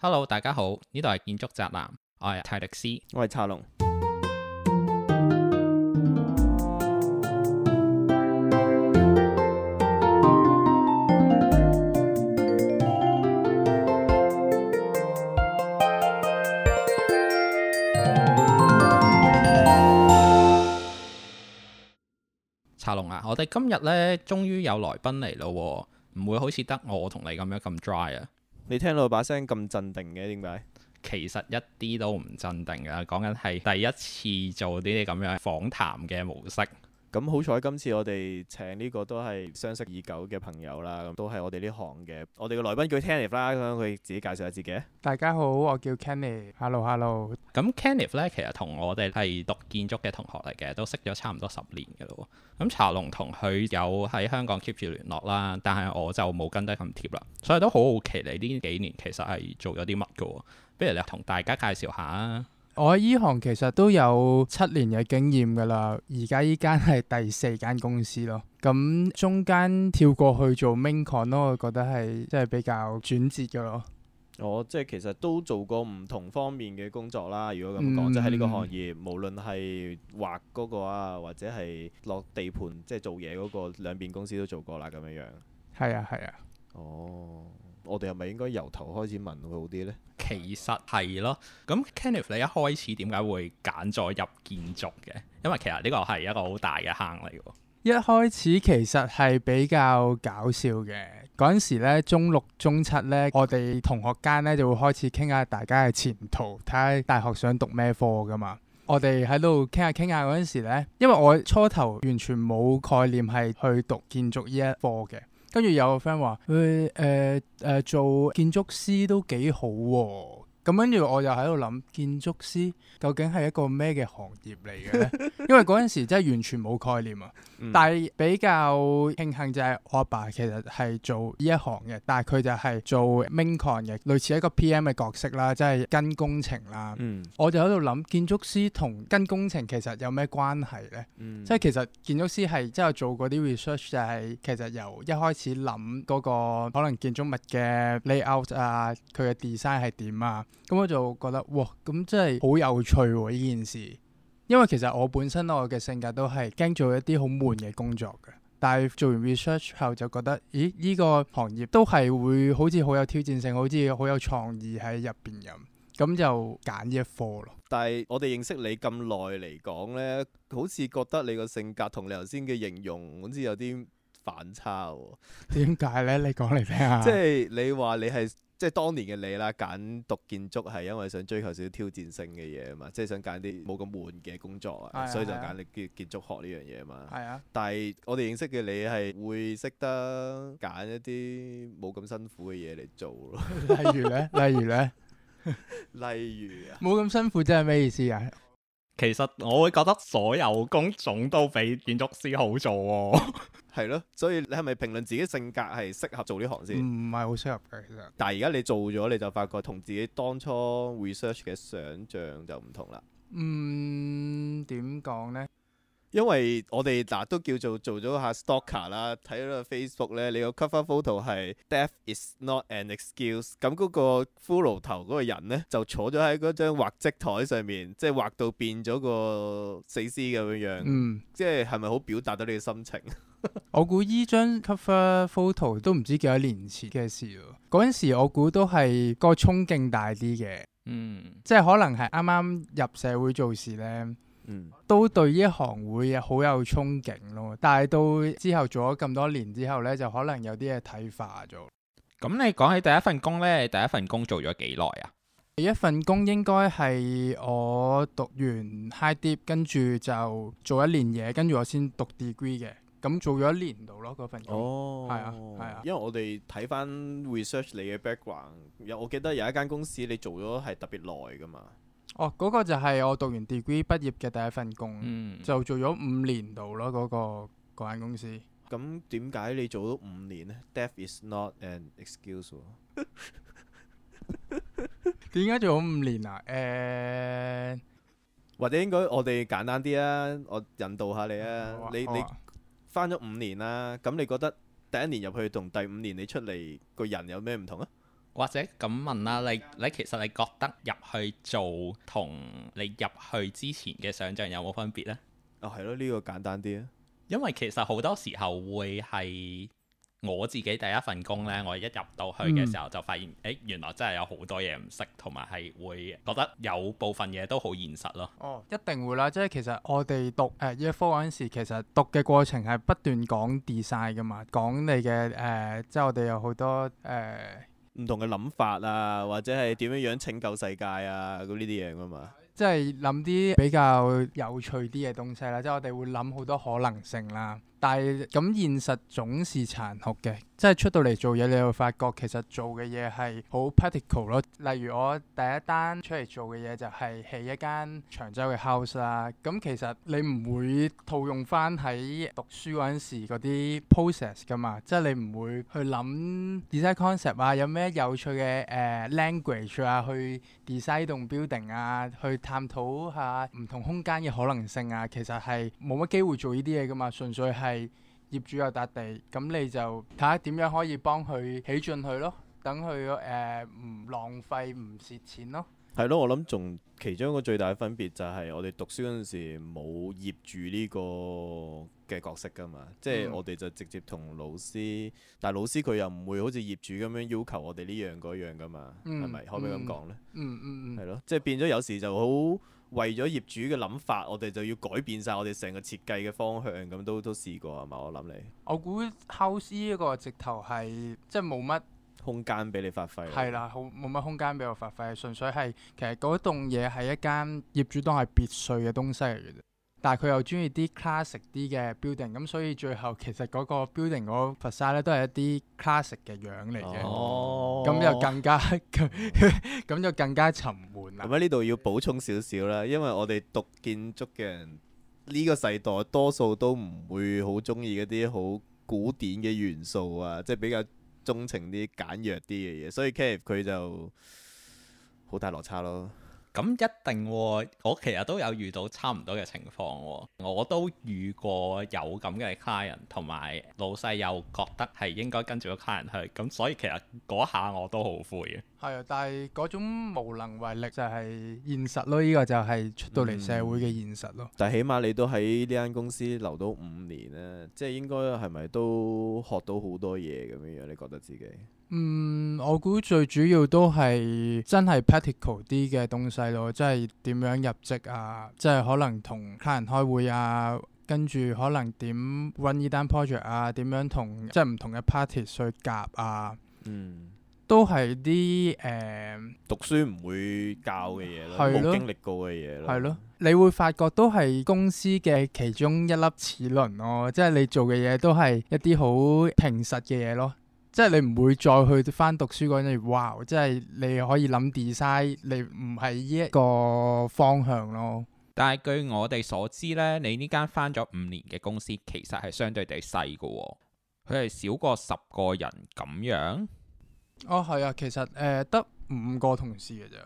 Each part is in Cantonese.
Hello，大家好，呢度係建築宅男，我係泰迪斯，我係茶龍。茶龍啊，我哋今日呢終於有來賓嚟咯，唔會好似得我同你咁樣咁 dry 啊！你聽到把聲咁鎮定嘅，點解？其實一啲都唔鎮定㗎，講緊係第一次做呢啲咁樣訪談嘅模式。咁好彩，今次我哋請呢個都係相識已久嘅朋友啦，咁都係我哋呢行嘅。我哋嘅來賓叫 Kenneth 啦，咁樣佢自己介紹下自己。大家好，我叫 Kenneth。Hello, Hello Kenneth Hello，Hello。咁 Kenneth 咧，其實同我哋係讀建築嘅同學嚟嘅，都識咗差唔多十年嘅咯。咁茶龍同佢有喺香港 keep 住聯絡啦，但係我就冇跟得咁貼啦，所以都好好奇你呢幾年其實係做咗啲乜嘅喎？不如你同大家介紹下啊！我喺呢行其實都有七年嘅經驗㗎啦，而家依間係第四間公司咯。咁中間跳過去做 main con 咯，我覺得係即係比較轉折嘅咯、哦。我即係其實都做過唔同方面嘅工作啦。如果咁講，即係喺呢個行業，無論係畫嗰個啊，或者係落地盤即係做嘢嗰個兩邊公司都做過啦。咁樣樣。係啊，係啊。哦。我哋係咪應該由頭開始問會好啲呢？其實係咯，咁 Kenneth 你一開始點解會揀咗入建築嘅？因為其實呢個係一個好大嘅坑嚟嘅。一開始其實係比較搞笑嘅，嗰陣時呢中六中七呢，我哋同學間呢就會開始傾下大家嘅前途，睇下大學想讀咩科㗎嘛。我哋喺度傾下傾下嗰陣時呢，因為我初頭完全冇概念係去讀建築呢一科嘅。跟住有個 friend 話：佢誒誒做建築師都幾好喎、哦。咁跟住，我又喺度諗建築師究竟係一個咩嘅行業嚟嘅？ 因為嗰陣時真係完全冇概念啊。嗯、但係比較慶幸就係我阿爸其實係做呢一行嘅，但係佢就係做 main con 嘅，類似一個 P.M. 嘅角色啦，即係跟工程啦。嗯、我就喺度諗建築師同跟工程其實有咩關係咧？嗯、即係其實建築師係即係做嗰啲 research 就係、是、其實由一開始諗嗰個可能建築物嘅 layout 啊，佢嘅 design 係點啊？咁我就覺得哇，咁真係好有趣喎！呢件事，因為其實我本身我嘅性格都係驚做一啲好悶嘅工作嘅，但係做完 research 後就覺得，咦？呢個行業都係會好似好有挑戰性，好似好有創意喺入邊咁，咁就揀一科咯。但係我哋認識你咁耐嚟講呢，好似覺得你個性格同你頭先嘅形容好似有啲反差喎。點解呢？你講嚟聽下。即係 你話你係。即係當年嘅你啦，揀讀建築係因為想追求少少挑戰性嘅嘢啊嘛，即係想揀啲冇咁悶嘅工作啊，哎、呀所以就揀啲建建築學呢樣嘢啊嘛。係啊、哎呀，但係我哋認識嘅你係會識得揀一啲冇咁辛苦嘅嘢嚟做咯。 例如咧，例如咧，例如啊，冇咁辛苦即係咩意思啊？其實我會覺得所有工種都比建築師好做喎、哦。 係咯，所以你係咪評論自己性格係適合做呢行先？唔係好適合嘅，其實。但係而家你做咗，你就發覺同自己當初 research 嘅想象就唔同啦。嗯，點講呢？因為我哋嗱、啊、都叫做做咗下 stalker 啦，睇咗個 Facebook 呢，你個 cover photo 係 death is not an excuse。咁嗰個骷髏頭嗰個人呢，就坐咗喺嗰張畫則台上面，即係畫到變咗個死屍咁樣樣。嗯、即係係咪好表達到你嘅心情？ 我估依張 cover photo 都唔知幾多年前嘅事咯。嗰陣時我估都係個憧憬大啲嘅，嗯，即係可能係啱啱入社會做事咧，嗯、都對呢行會好有憧憬咯。但係到之後做咗咁多年之後咧，就可能有啲嘢睇化咗。咁、嗯、你講起第一份工咧，第一份工做咗幾耐啊？第一份工應該係我讀完 high dip，跟住就做一年嘢，跟住我先讀 degree 嘅。咁做咗一年度咯，嗰份工，係啊，係啊。因為我哋睇翻 research 你嘅 background，有我記得有一間公司你做咗係特別耐噶嘛。哦，嗰個就係我讀完 degree 畢業嘅第一份工，就做咗五年度咯，嗰個嗰間公司。咁點解你做咗五年咧？Death is not an excuse。點解做咗五年啊？誒，或者應該我哋簡單啲啊，我引導下你啊，你你。返咗五年啦，咁你覺得第一年入去同第五年你出嚟個人有咩唔同啊？或者咁問啦，你你其實你覺得入去做同你入去之前嘅想象有冇分別咧？啊、哦，係咯，呢、呢個簡單啲啊，因為其實好多時候會係。我自己第一份工呢，我一入到去嘅時候就發現，嗯、誒，原來真係有好多嘢唔識，同埋係會覺得有部分嘢都好現實咯、哦。一定會啦，即係其實我哋讀誒 year four 嗰陣時，其實讀嘅過程係不斷講 design 噶嘛，講你嘅誒、呃，即係我哋有好多誒唔、呃、同嘅諗法啊，或者係點樣樣拯救世界啊，呢啲嘢噶嘛。即係諗啲比較有趣啲嘅東西啦，即係我哋會諗好多可能性啦。但係咁現實總是殘酷嘅，即係出到嚟做嘢，你會發覺其實做嘅嘢係好 particular 咯。例如我第一單出嚟做嘅嘢就係起一間長洲嘅 house 啦。咁、啊、其實你唔會套用翻喺讀書嗰陣啲 process 噶嘛、啊，即係你唔會去諗 design concept 啊，有咩有趣嘅誒、呃、language 啊，去 design 棟 building 啊，去探討下唔同空間嘅可能性啊。其實係冇乜機會做呢啲嘢噶嘛，純、啊、粹係。係業主又笪地，咁你就睇下點樣可以幫佢起進去咯，等佢誒唔浪費唔蝕錢咯。係咯，我諗仲其中一個最大分別就係我哋讀書嗰陣時冇業主呢個嘅角色㗎嘛，即係我哋就直接同老師，但係老師佢又唔會好似業主咁樣要求我哋呢樣嗰樣㗎嘛，係咪、嗯、可唔可以咁講呢？嗯嗯嗯，係、嗯、咯、嗯嗯，即係變咗有時就好，為咗業主嘅諗法，我哋就要改變晒我哋成個設計嘅方向，咁都都試過係嘛？我諗你，我估 house 呢個直頭係即係冇乜空間俾你發揮。係啦，好冇乜空間俾我發揮，純粹係其實嗰棟嘢係一間業主當係別墅嘅東西嚟嘅。但係佢又中意啲 classic 啲嘅 building，咁所以最後其實嗰個 building 嗰個 facade 都係一啲 classic 嘅樣嚟嘅，咁、哦嗯、就更加咁 就更加沉悶啦。咁喺呢度要補充少少啦，因為我哋讀建築嘅人呢、呢個世代多數都唔會好中意嗰啲好古典嘅元素啊，即係比較鍾情啲簡約啲嘅嘢，所以 Cave 佢就好大落差咯。咁一定喎，我其實都有遇到差唔多嘅情況喎，我都遇過有咁嘅 client，同埋老細又覺得係應該跟住嗰 client 去，咁所以其實嗰下我都好悔嘅。係啊，但係嗰種無能為力就係現實咯，呢個就係出到嚟社會嘅現實咯。嗯，但係起碼你都喺呢間公司留到五年咧，即係應該係咪都學到好多嘢咁樣？你覺得自己？嗯，我估最主要都係真係 practical 啲嘅東西咯，即係點樣入職啊，即係可能同客人開會啊，跟住可能點揾 u 單 project 啊，點樣即同即係唔同嘅 party 去夾啊，嗯，都係啲誒，呃、讀書唔會教嘅嘢咯，經歷過嘅嘢咯，係咯，咯，你會發覺都係公司嘅其中一粒齒輪咯，即係你做嘅嘢都係一啲好平實嘅嘢咯。即係你唔會再去翻讀書嗰陣，哇！即係你可以諗 design，你唔係呢一個方向咯。但係據我哋所知呢，你呢間翻咗五年嘅公司，其實係相對地細噶。哦，佢係少過十個人咁樣。哦，係啊，其實誒，得、呃、五個同事嘅啫。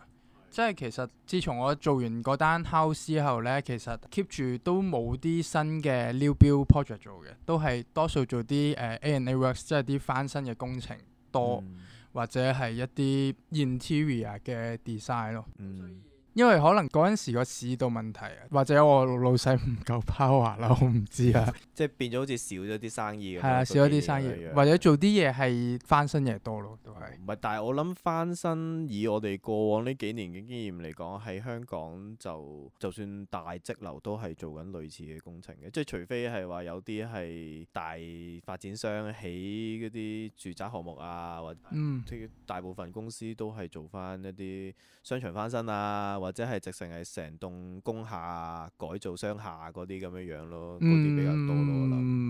即係其實自從我做完單 house 之後咧，其實 keep 住都冇啲新嘅 new build project 做嘅，都係多數做啲誒、呃、A and A works，即係啲翻新嘅工程多，嗯、或者係一啲 interior 嘅 design 咯。嗯因為可能嗰陣時個市道問題啊，或者我老細唔夠 power 啦，我唔知啊。 即係變咗好似少咗啲生意。係少咗啲生意，或者做啲嘢係翻新嘢多咯，都係。唔係，但係我諗翻新以我哋過往呢幾年嘅經驗嚟講，喺香港就就算大則樓都係做緊類似嘅工程嘅，即係除非係話有啲係大發展商起嗰啲住宅項目啊，或者大部分公司都係做翻一啲商場翻新啊。或者係直成係成棟工廈改造商廈嗰啲咁樣樣咯，嗰啲、嗯、比較多咯。我諗。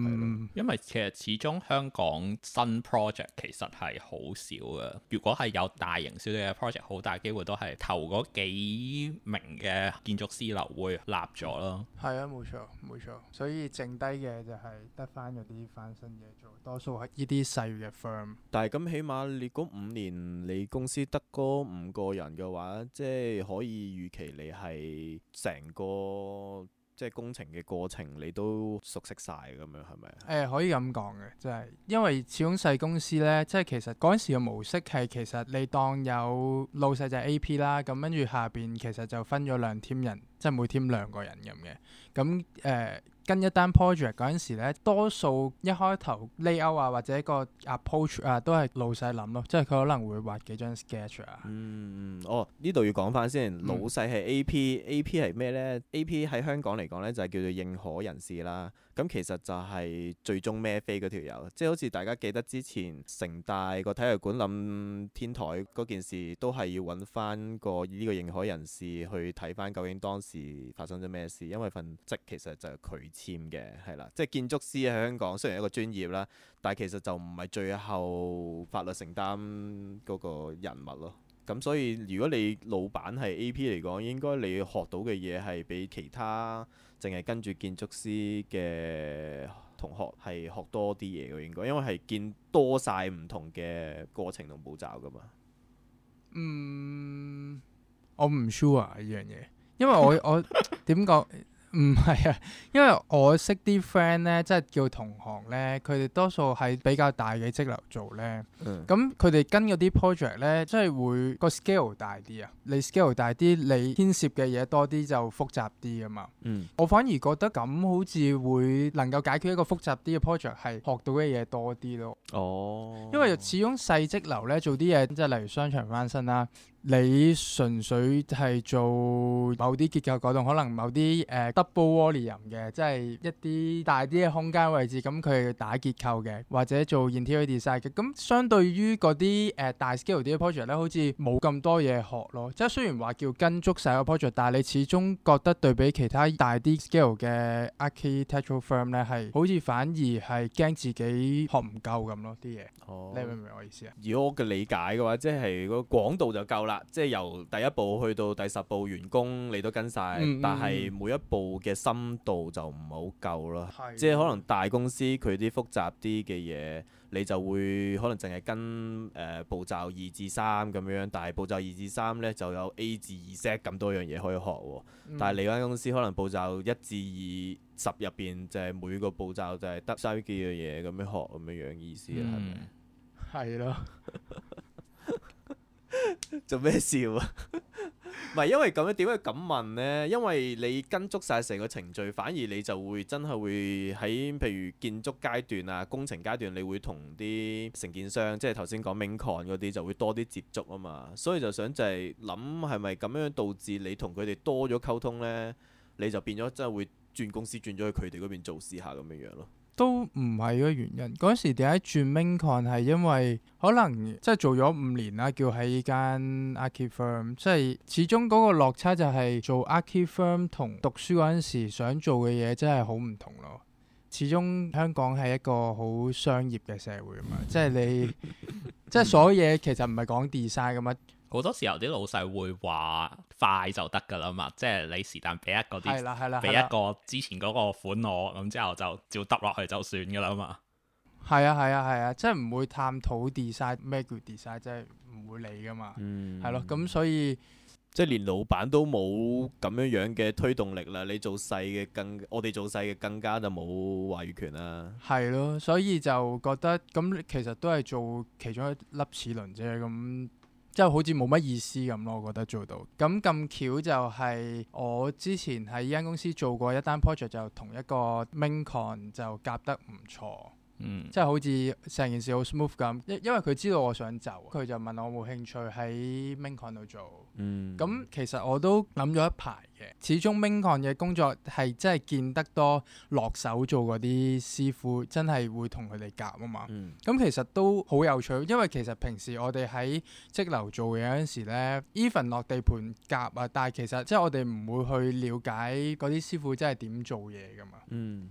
因為其實始終香港新 project 其實係好少嘅，如果係有大型商業嘅 project，好大機會都係頭嗰幾名嘅建築師樓會立咗咯。係啊，冇錯冇錯，所以剩低嘅就係得翻嗰啲翻新嘢做，多數係呢啲細嘅 firm。但係咁起碼你嗰五年你公司得嗰五個人嘅話，即係可以預期你係成個。即係工程嘅過程，你都熟悉晒，咁樣，係咪啊？誒，可以咁講嘅，就係、是、因為始終細公司呢，即、就、係、是、其實嗰陣時嘅模式係其實你當有老細就係 AP 啦，咁跟住下邊其實就分咗兩 team 人，即、就、係、是、每 team 兩個人咁嘅。咁誒跟一單 project 嗰陣時咧，多數一開頭 layout 啊或者個 approach 啊，都係老細諗咯，即係佢可能會畫幾張 sketch 啊。嗯，哦嗯 AP，呢度要講翻先，老細係 AP，AP 係咩咧？AP 喺香港嚟講咧就係叫做認可人士啦。咁其實就係最終孭飛嗰條友，即係好似大家記得之前城大個體育館諗天台嗰件事，都係要揾翻個呢個認可人士去睇翻究竟當時發生咗咩事，因為份。即其實就係佢簽嘅，係啦。即係建築師喺香港雖然一個專業啦，但係其實就唔係最後法律承擔嗰個人物咯。咁所以如果你老闆係 AP 嚟講，應該你學到嘅嘢係比其他淨係跟住建築師嘅同學係學多啲嘢嘅，應該因為係見多晒唔同嘅過程同步驟㗎嘛。嗯，我唔 sure 呢樣嘢，因為我我點講？唔係啊，因為我識啲 friend 咧，即係叫同行咧，佢哋多數係比較大嘅積流做咧。咁佢哋跟嗰啲 project 咧，即係會個 scale 大啲啊。你 scale 大啲，你牽涉嘅嘢多啲就複雜啲啊嘛。嗯、我反而覺得咁好似會能夠解決一個複雜啲嘅 project，係學到嘅嘢多啲咯。哦，因為始終細積流咧做啲嘢，即係例如商場翻身啦。你純粹係做某啲結構改動，可能某啲誒、呃、double volume 嘅，即係一啲大啲嘅空間位置，咁佢打結構嘅，或者做 interior design 嘅。咁相對於嗰啲誒大 scale 啲 project 咧，好似冇咁多嘢學咯。即係雖然話叫跟足曬個 project，但係你始終覺得對比其他大啲 scale 嘅 architectural firm 咧，係好似反而係驚自己學唔夠咁咯啲嘢。嗯、你明唔明我意思啊？如果我嘅理解嘅話，即係個廣度就夠啦。啊、即係由第一步去到第十步，員工你都跟晒，嗯、但係每一步嘅深度就唔好夠囉。的即係可能大公司佢啲複雜啲嘅嘢，你就會可能淨係跟、呃、步驟二至三咁樣，但係步驟二至三呢，就有 A 至 Z 咁多樣嘢可以學喎，哦。嗯、但係你間公司可能步驟、就是、一至二十入邊就係每個步驟就係得三幾樣嘢咁樣學咁樣樣意思啦，係咪，嗯？係咯的。 做咩笑啊？唔 係因為咁樣，點解咁問呢？因為你跟足晒成個程序，反而你就會真係會喺譬如建築階段啊、工程階段，你會同啲承建商，即係頭先講 mingcon 嗰啲，就會多啲接觸啊嘛。所以就想就係諗係咪咁樣導致你同佢哋多咗溝通呢？你就變咗真係會轉公司轉咗去佢哋嗰邊做事下咁樣樣咯。都唔係嗰個原因。嗰陣時點解轉 Main Con 係因為可能即係做咗五年啦，叫喺依間 archi firm，即係始終嗰個落差就係做 archi firm 同讀書嗰陣時想做嘅嘢真係好唔同咯。始終香港係一個好商業嘅社會啊嘛，即係你 即係所有嘢其實唔係講 design 咁啊。好多時候啲老細會話快就得㗎啦嘛，即係你是但俾一個啲俾、啊啊啊、一個之前嗰個款我咁之後就照揼落去就算㗎啦嘛。係啊，係啊，係啊，啊，即係唔會探討 design 咩叫 design，即係唔會理㗎嘛。嗯，係咯、啊，咁所以即係連老闆都冇咁樣樣嘅推動力啦。你做細嘅，更我哋做細嘅更加就冇話語權啦。係咯、啊，所以就覺得咁其實都係做其中一粒齒輪啫。咁。即係好似冇乜意思咁咯，我覺得做到。咁咁巧就係我之前喺呢間公司做過一單 project，就同一個 main con 就夾得唔錯。即係、嗯、好似成件事好 smooth 咁，因因為佢知道我想走，佢就問我冇興趣喺 Mingcon 度做。咁、嗯、其實我都諗咗一排嘅，始終 Mingcon 嘅工作係真係見得多落手做嗰啲師傅，真係會同佢哋夾啊嘛。咁、嗯、其實都好有趣，因為其實平時我哋喺則樓做嘢嗰時呢 even 落地盤夾啊，但係其實即係我哋唔會去了解嗰啲師傅真係點做嘢噶嘛。嗯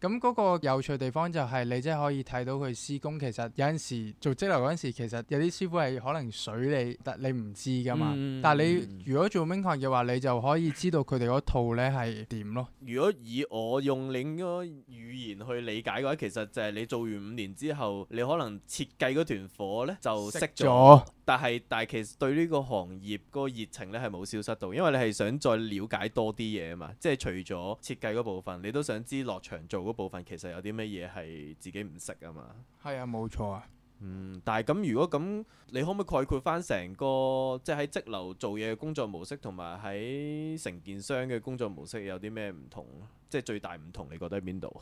咁嗰個有趣地方就係你即係可以睇到佢施工，其實有陣時做積流，陣時其實有啲師傅係可能水你，但你唔知噶嘛。嗯，但係你如果做 m i 嘅話，你就可以知道佢哋嗰套咧係點咯。如果以我用另一個語言去理解嘅話，其實就係你做完五年之後，你可能設計嗰團火咧就熄咗了，但係但係其實對呢個行業個熱情咧係冇消失到，因為你係想再了解多啲嘢啊嘛。即係除咗設計嗰部分，你都想知落場做。嗰部分其實有啲咩嘢係自己唔識啊嘛，係啊，冇錯啊。嗯，但係咁如果咁，你可唔可以概括翻成個即係喺則樓做嘢嘅工作模式，同埋喺承建商嘅工作模式有啲咩唔同？即係最大唔同，你覺得喺邊度？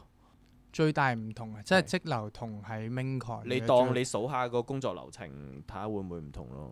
最大唔同啊，即係則樓同喺 Mink。你當你數下個工作流程，睇下會唔會唔同咯？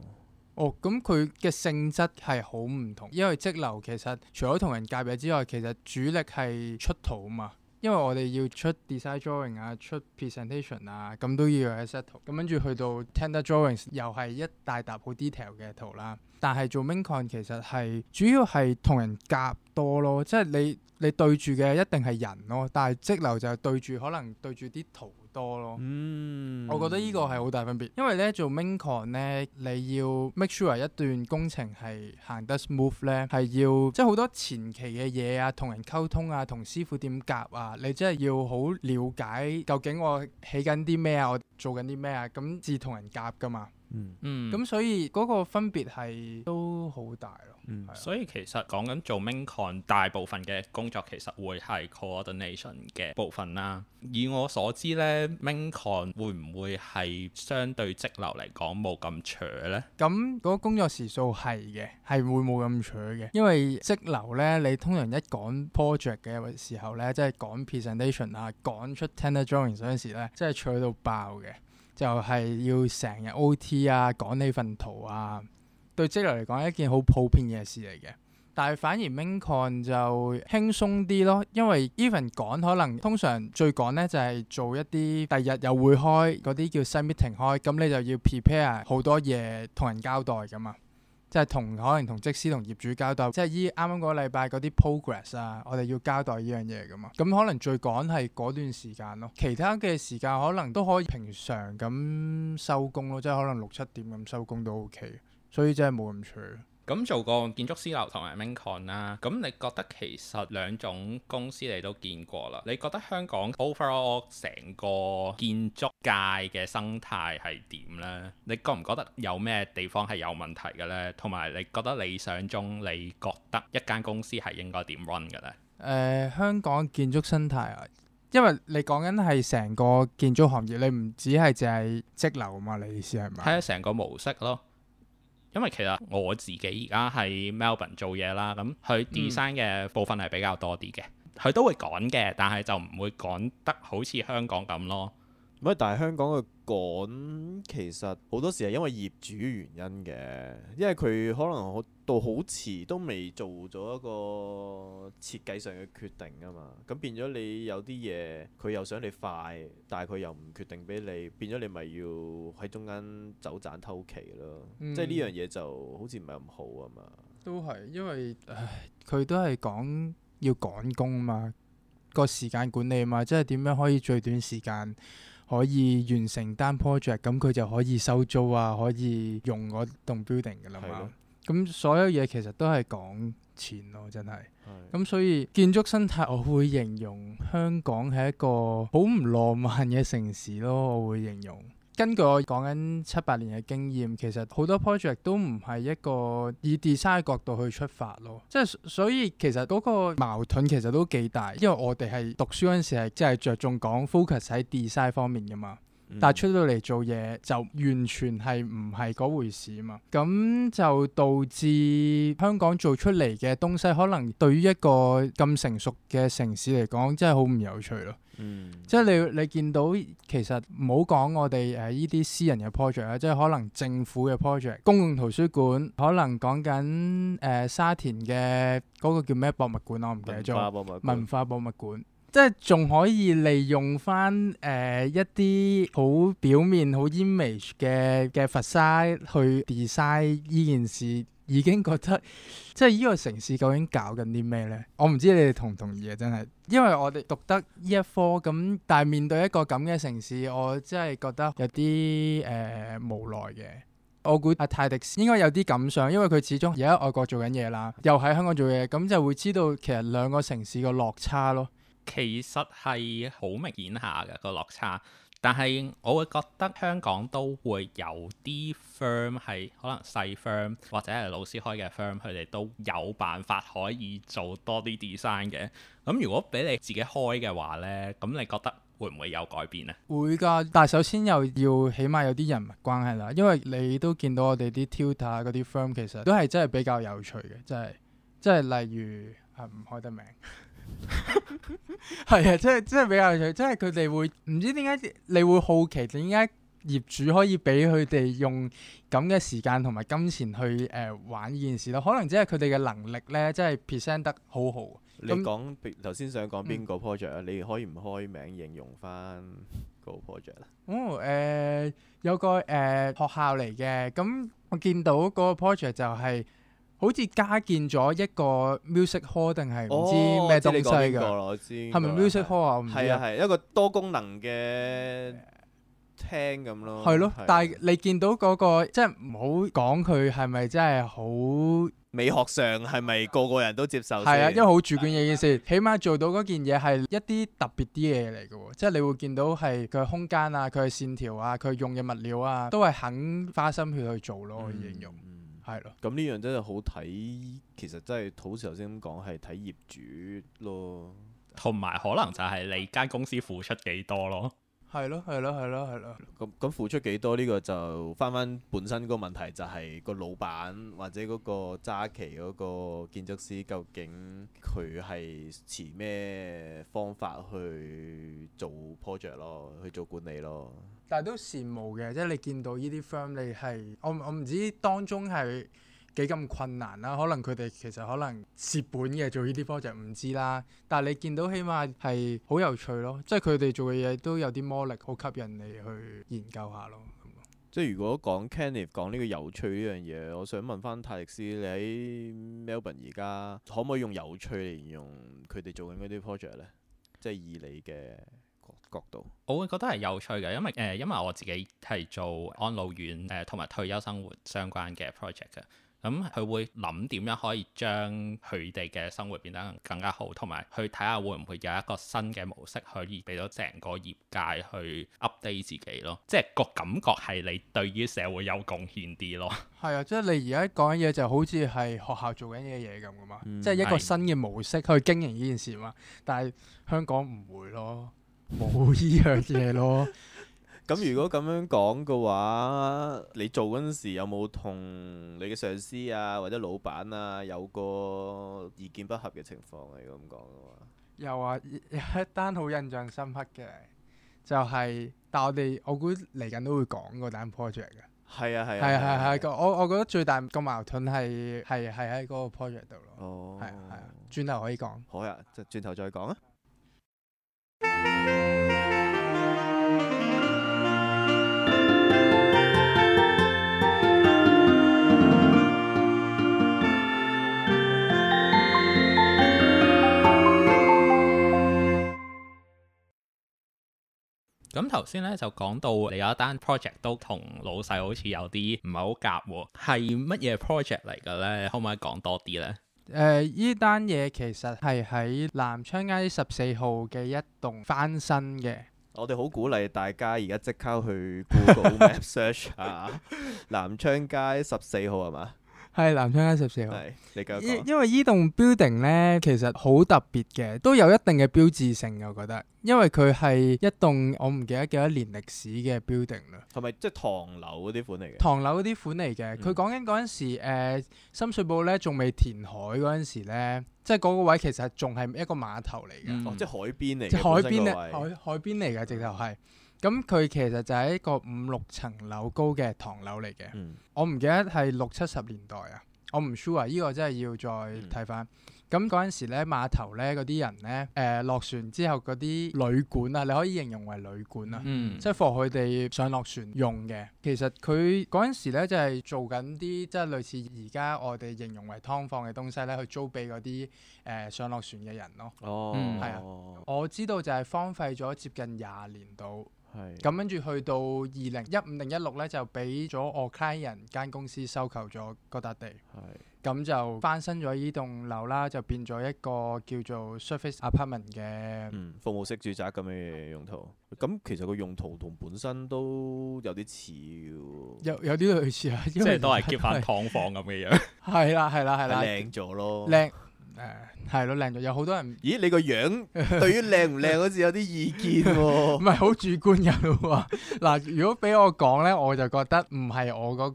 哦，咁佢嘅性質係好唔同，因為則樓其實除咗同人交易之外，其實主力係出圖啊嘛。因為我哋要出 design drawing 啊，出 presentation 啊，咁都要有 set 圖。咁跟住去到 tender drawings，又係一大沓好 detail 嘅圖啦。但係做 main con 其實係主要係同人夾多咯，即係你你對住嘅一定係人咯。但係則樓就係對住可能對住啲圖。多咯， 我覺得呢個係好大分別。因為呢做 main con 呢，你要 make sure 一段工程係行得 smooth 呢係要即係好多前期嘅嘢啊，同人溝通啊，同師傅點夾啊，你真係要好了解究竟我起緊啲咩啊，我做緊啲咩啊，咁至同人夾噶嘛。嗯嗯，咁所以嗰個分別係都好大咯。嗯，啊、所以其實講緊做 main con 大部分嘅工作其實會係 coordination 嘅部分啦。以我所知咧 main con 會唔會係相對積流嚟講冇咁扯咧？咁嗰、嗯嗰個工作時數係嘅，係會冇咁扯嘅，因為積流咧，你通常一講 project 嘅時候咧，即係講 presentation 啊，講出 tender drawing 嗰陣時咧，即係扯到爆嘅。就係要成日 OT 啊，趕呢份圖啊，對職業嚟講係一件好普遍嘅事嚟嘅。但係反而 main con 就輕鬆啲咯，因為 even 趕可能通常最趕呢就係做一啲第二日又會開嗰啲叫 site meeting 開，咁你就要 prepare 好多嘢同人交代㗎嘛。即係同可能同則師同業主交代，即係依啱啱個禮拜嗰啲 progress 啊，我哋要交代依樣嘢㗎嘛。咁可能最趕係嗰段時間咯，其他嘅時間可能都可以平常咁收工咯，即係可能六七點咁收工都 OK。所以真係冇咁催。咁做個建築師樓同埋 maincon 啦，咁你覺得其實兩種公司你都見過啦。你覺得香港 overall 成個建築界嘅生態係點呢？你覺唔覺得有咩地方係有問題嘅呢？同埋你覺得理想中你覺得一間公司係應該點 run 嘅呢？誒、呃，香港建築生態啊，因為你講緊係成個建築行業，你唔止係淨係積流啊嘛，你意思係咪？睇成個模式咯。因為其實我自己而家喺 Melbourne 做嘢啦，咁佢 design 嘅部分係比較多啲嘅，佢、嗯、都會講嘅，但係就唔會講得好似香港咁咯。唔，但係香港嘅趕其實好多時係因為業主原因嘅，因為佢可能到好遲都未做咗一個設計上嘅決定啊嘛。咁變咗你有啲嘢，佢又想你快，但係佢又唔決定俾你，變咗你咪要喺中間走盞偷期咯。嗯，即係呢樣嘢就好似唔係咁好啊嘛。都係，因為唉，佢都係講要趕工啊嘛，個時間管理啊嘛，即係點樣可以最短時間。可以完成單 project，咁佢就可以收租啊，可以用嗰棟 building 嘅啦嘛。咁的所有嘢其實都係講錢咯，真係。咁的所以建築生態，我會形容香港係一個好唔浪漫嘅城市咯，我會形容。根據我講緊七八年嘅經驗，其實好多 project 都唔係一個以 design 角度去出發咯，即係所以其實嗰個矛盾其實都幾大，因為我哋係讀書嗰陣時係即係着重講 focus 喺 design 方面㗎嘛。但係出到嚟做嘢就完全係唔係嗰回事啊嘛？咁就導致香港做出嚟嘅東西，可能對於一個咁成熟嘅城市嚟講，真係好唔有趣咯。嗯，即係你你見到其實唔好講我哋誒依啲私人嘅 project 啦，即係可能政府嘅 project，公共圖書館，可能講緊誒沙田嘅嗰個叫咩博物館，我唔記得咗文化博物館。即係仲可以利用翻誒、呃、一啲好表面好 image 嘅嘅 facade 去 design 呢件事，已經覺得即係呢個城市究竟搞緊啲咩呢？我唔知你哋同唔同意啊！真係，因為我哋讀得呢一科咁，但係面對一個咁嘅城市，我真係覺得有啲誒、呃、無奈嘅。我估阿泰迪斯應該有啲感想，因為佢始終而家外國做緊嘢啦，又喺香港做嘢，咁就會知道其實兩個城市個落差咯。其實係好明顯下嘅個落差，但係我會覺得香港都會有啲 firm 係可能細 firm 或者係老師開嘅 firm，佢哋都有辦法可以做多啲 design 嘅。咁如果俾你自己開嘅話呢，咁你覺得會唔會有改變呢？會㗎，但係首先又要起碼有啲人脈關係啦。因為你都見到我哋啲 tutor 嗰啲 firm 其實都係真係比較有趣嘅，即係即係例如係唔、嗯、開得名。 係啊，即係即係比較有趣，即係佢哋會唔知點解你會好奇點解業主可以俾佢哋用咁嘅時間同埋金錢去誒、呃、玩呢件事咯？可能只係佢哋嘅能力咧，即係 present 得好好。你講頭先想講邊個 project 啊？你可以唔開名形容翻個 project 啦，啊。哦，誒、呃，有個誒、呃、學校嚟嘅，咁我見到個 project 就係、是。好似加建咗一個 music hall 定係唔知咩東西㗎？係咪、哦，這個、music hall 啊？我唔知係啊，係一個多功能嘅廳咁咯。係咯，但係你見到嗰，那個即係唔好講佢係咪真係好美學上係咪個個人都接受？係啊，因為好主觀嘅、啊、件事。起碼做到嗰件嘢係一啲特別啲嘢嚟㗎喎，即係你會見到係佢空間啊、佢嘅線條啊、佢用嘅物料啊，都係肯花心血去做咯，形容、嗯。嗯嗯。係咯，咁呢樣真係好睇，其實真係好似頭先咁講，係睇業主咯，同埋可能就係你間公司付出幾多咯。係咯，係咯，係咯，係咯。咁咁付出幾多呢個就翻翻本身個問題，就係個老闆或者嗰個揸旗嗰個建築師，究竟佢係持咩方法去做 project 咯，去做管理咯。但係都羨慕嘅，即係你見到呢啲 firm，你係我我唔知當中係幾咁困難啦。可能佢哋其實可能蝕本嘅做呢啲 project 唔知啦。但係你見到起碼係好有趣咯，即係佢哋做嘅嘢都有啲魔力，好吸引你去研究下咯。即係如果講 Kenneth 講呢個有趣呢樣嘢，我想問翻泰力斯，你喺 Melbourne 而家可唔可以用有趣嚟形容佢哋做緊嗰啲 project 咧？即係以你嘅。角度，我會覺得係有趣嘅，因為誒、呃，因為我自己係做安老院誒同埋退休生活相關嘅 project 嘅。咁、嗯、佢會諗點樣可以將佢哋嘅生活變得更加好，同埋去睇下會唔會有一個新嘅模式可以俾到成個業界去 update 自己咯。即係個感覺係你對於社會有貢獻啲咯。係啊，即係你而家講緊嘢就好似係學校做緊嘅嘢咁㗎嘛。嗯、即係一個新嘅模式去經營呢件事嘛。但係香港唔會咯。冇依樣嘢咯。咁 如果咁樣講嘅話，你做嗰陣時有冇同你嘅上司啊或者老闆啊有個意見不合嘅情況？你如果咁講嘅話，有啊，有一單好印象深刻嘅，就係、是、但我哋我估嚟緊都會講個單 project 嘅。係啊係啊係係係，我我覺得最大個矛盾係係係喺嗰個 project 度咯。哦，係啊係啊，轉頭、啊、可以講，好啊，就轉頭再講啊。咁頭先咧就講到你有一單 project 都同老細好似有啲唔係好夾喎，係乜嘢 project 嚟嘅呢？可唔可以講多啲呢？誒，依單嘢其實係喺南昌街十四號嘅一棟翻新嘅。我哋好鼓勵大家而家即刻去 Google Map search 下， 南昌街十四號係嘛？係南昌街十四號，係你因因為依棟 building 咧，其實好特別嘅，都有一定嘅標誌性，我覺得。因為佢係一棟我唔記得幾多年歷史嘅 building 啦。係咪即係唐樓嗰啲款嚟嘅？唐樓嗰啲款嚟嘅。佢講緊嗰陣時、呃，深水埗咧仲未填海嗰陣時咧，即係嗰個位其實仲係一個碼頭嚟嘅。嗯、哦，即係海邊嚟嘅。即係海邊咧，海海邊嚟嘅，直頭係。嗯。咁佢其實就係一個五六層樓高嘅唐樓嚟嘅，嗯、我唔記得係六七十年代啊，我唔 sure 啊，依、呢個真係要再睇翻。咁嗰陣時咧，碼頭咧嗰啲人咧，誒、呃、落船之後嗰啲旅館啊，你可以形容為旅館啊，嗯、即係放佢哋上落船用嘅。其實佢嗰陣時咧就係、是、做緊啲即係類似而家我哋形容為湯房嘅東西咧，去租俾嗰啲誒上落船嘅人咯。哦，啊，我知道就係荒廢咗接近廿年度。咁跟住去到二零一五、零一六咧，就俾咗我 client 間公司收購咗嗰笪地，咁就是翻新咗依棟樓啦，就變咗一個叫做 Surface Apartment 嘅、嗯、服務式住宅咁嘅用途。咁、嗯、其實個用途同本身都有啲似，有有啲類似是 啊，即係都係叫翻劏房咁嘅樣。係啦係啦係啦，靚咗、啊啊啊啊、咯。誒，係咯，uh，靚咗，有好多人。咦，你個樣對於靚唔靚好似有啲意見喎，啊，唔係好主觀噶喎。嗱， 如果俾我講咧，我就覺得唔係我嗰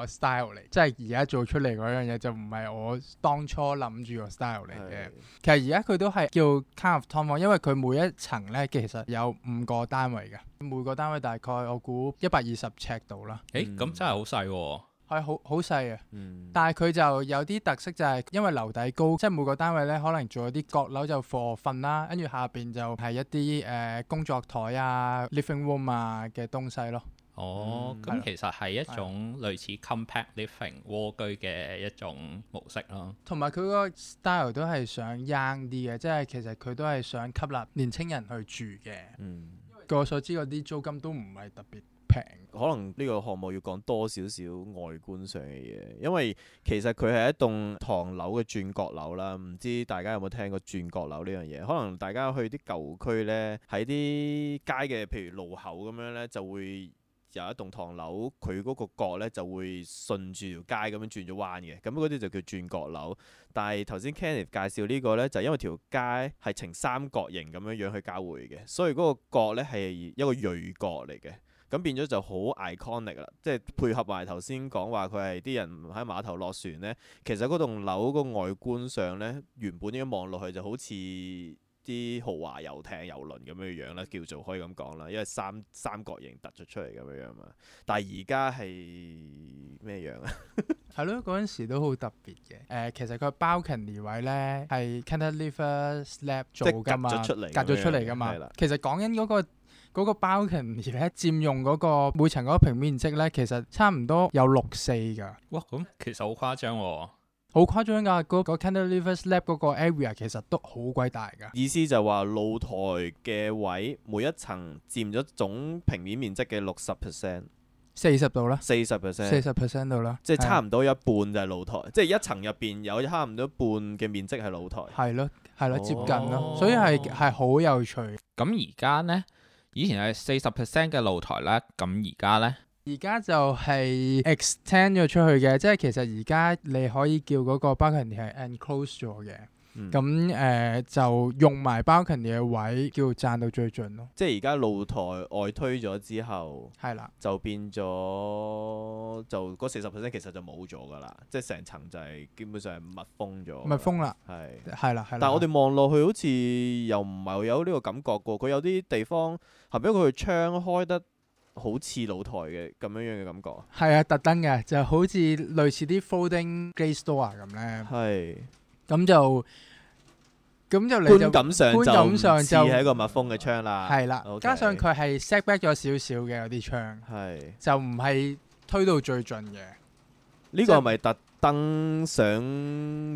個 style 嚟，即係而家做出嚟嗰樣嘢就唔係我當初諗住個 style 嚟嘅。是其實而家佢都係叫 c a r v e t town 房，因為佢每一層咧其實有五個單位嘅，每個單位大概我估一百二十尺度啦。誒，欸，咁真係好細喎。係好好細啊！嗯、但係佢就有啲特色就係因為樓底高，即係每個單位咧可能做一啲閣樓就放瞓啦，跟住下邊就係一啲誒工作台啊、living room 啊嘅東西咯。哦，咁、嗯、其實係一種類似 compact living 蝸居嘅一種模式咯。同埋佢個 style 都係想 young 啲嘅，即係其實佢都係想吸引年輕人去住嘅。嗯，據我所知嗰啲租金都唔係特別。可能呢個項目要講多少少外觀上嘅嘢，因為其實佢係一棟唐樓嘅轉角樓啦。唔知大家有冇聽過轉角樓呢樣嘢？可能大家去啲舊區呢，喺啲街嘅，譬如路口咁樣呢，就會有一棟唐樓，佢嗰個角呢就會順住條街咁樣轉咗彎嘅，咁嗰啲就叫轉角樓。但係頭先 Kenneth 介紹呢個呢，就是、因為條街係呈三角形咁樣樣去交匯嘅，所以嗰個角呢係一個鋭角嚟嘅。咁變咗就好 iconic 啦，即係配合埋頭先講話佢係啲人喺碼頭落船咧，其實嗰棟樓個外觀上咧，原本應該望落去就好似啲豪華遊艇、遊輪咁樣樣啦，叫做可以咁講啦，因為三三角形突咗出嚟咁樣樣嘛。但係而家係咩樣啊？係咯，嗰陣時都好特別嘅。誒、呃，其實佢 balcony 位咧係 cantilever slab 做㗎嘛，凸咗出嚟，隔咗出嚟了其實講緊嗰個嗰個 balcony 佔用嗰個每層嗰個平面積咧，其實差唔多有六四噶。哇！咁其實好誇張喎、哦，好誇張噶嗰、那個 cantilever slab 嗰個 area 其實都好鬼大噶。意思就係話露台嘅位每一層佔咗總平面面積嘅六十 percent，四十度啦，四十 percent，四十 percent 度啦，即係差唔多一半就係露台，即係的一層入邊有差唔多一半嘅面積係露台。係咯，係咯，接近咯，哦、所以係係好有趣。咁而家咧？以前係四十 percent 嘅露台啦，咁而家咧，而家就係 extend 咗出去嘅，即係其實而家你可以叫嗰個 balcony 係 enclose 咗嘅。咁誒、嗯呃、就用埋包間嘅位，叫做賺到最盡咯。即係而家露台外推咗之後，係啦是的，就變咗就嗰四十 percent 其實就冇咗㗎啦。即係成層就係、是、基本上密封咗。密封啦，係係啦係。但係我哋望落去好似又唔係會有呢個感覺喎。佢有啲地方係俾佢窗開得好似露台嘅咁樣樣嘅感覺。係啊，特登嘅就係好似類似啲 folding glass door 咁咧。係。咁就咁就觀感上就係一個密封嘅窗啦，係啦，加上佢係 set back 咗少少嘅嗰啲窗，係就唔係推到最盡嘅。呢個咪特登想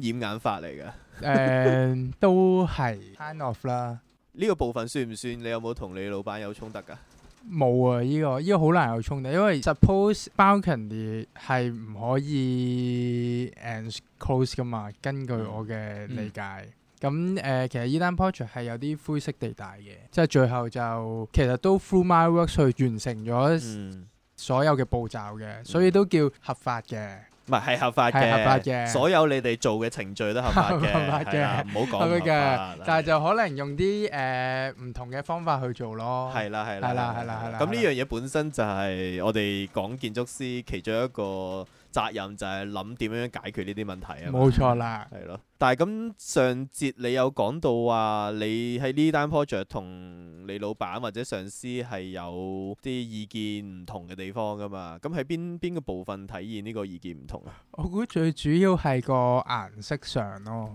掩眼法嚟㗎？誒，都係 turn off 啦。呢個部分算唔算？你有冇同你老闆有衝突噶？冇啊！呢、這個呢、這個好難有衝突，因為 suppose balcony 係唔可以 enclose 噶嘛。根據我嘅理解，咁誒其實依單 project 係有啲灰色地帶嘅，即係最後就其實都 full my work 去完成咗所有嘅步驟嘅，嗯、所以都叫合法嘅。唔係，係合法嘅，合法嘅，所有你哋做嘅程序都合法嘅，唔好講咁多。但係就可能用啲誒唔同嘅方法去做咯。係啦，係啦，係啦，係啦。咁呢樣嘢本身就係我哋講建築師其中一個。責任就係諗點樣解決呢啲問題啊！冇錯啦，係咯。但係咁上節你有講到話，你喺呢單 project 同你老闆或者上司係有啲意見唔同嘅地方㗎嘛？咁喺邊邊個部分體現呢個意見唔同啊？我估最主要係個顏色上咯，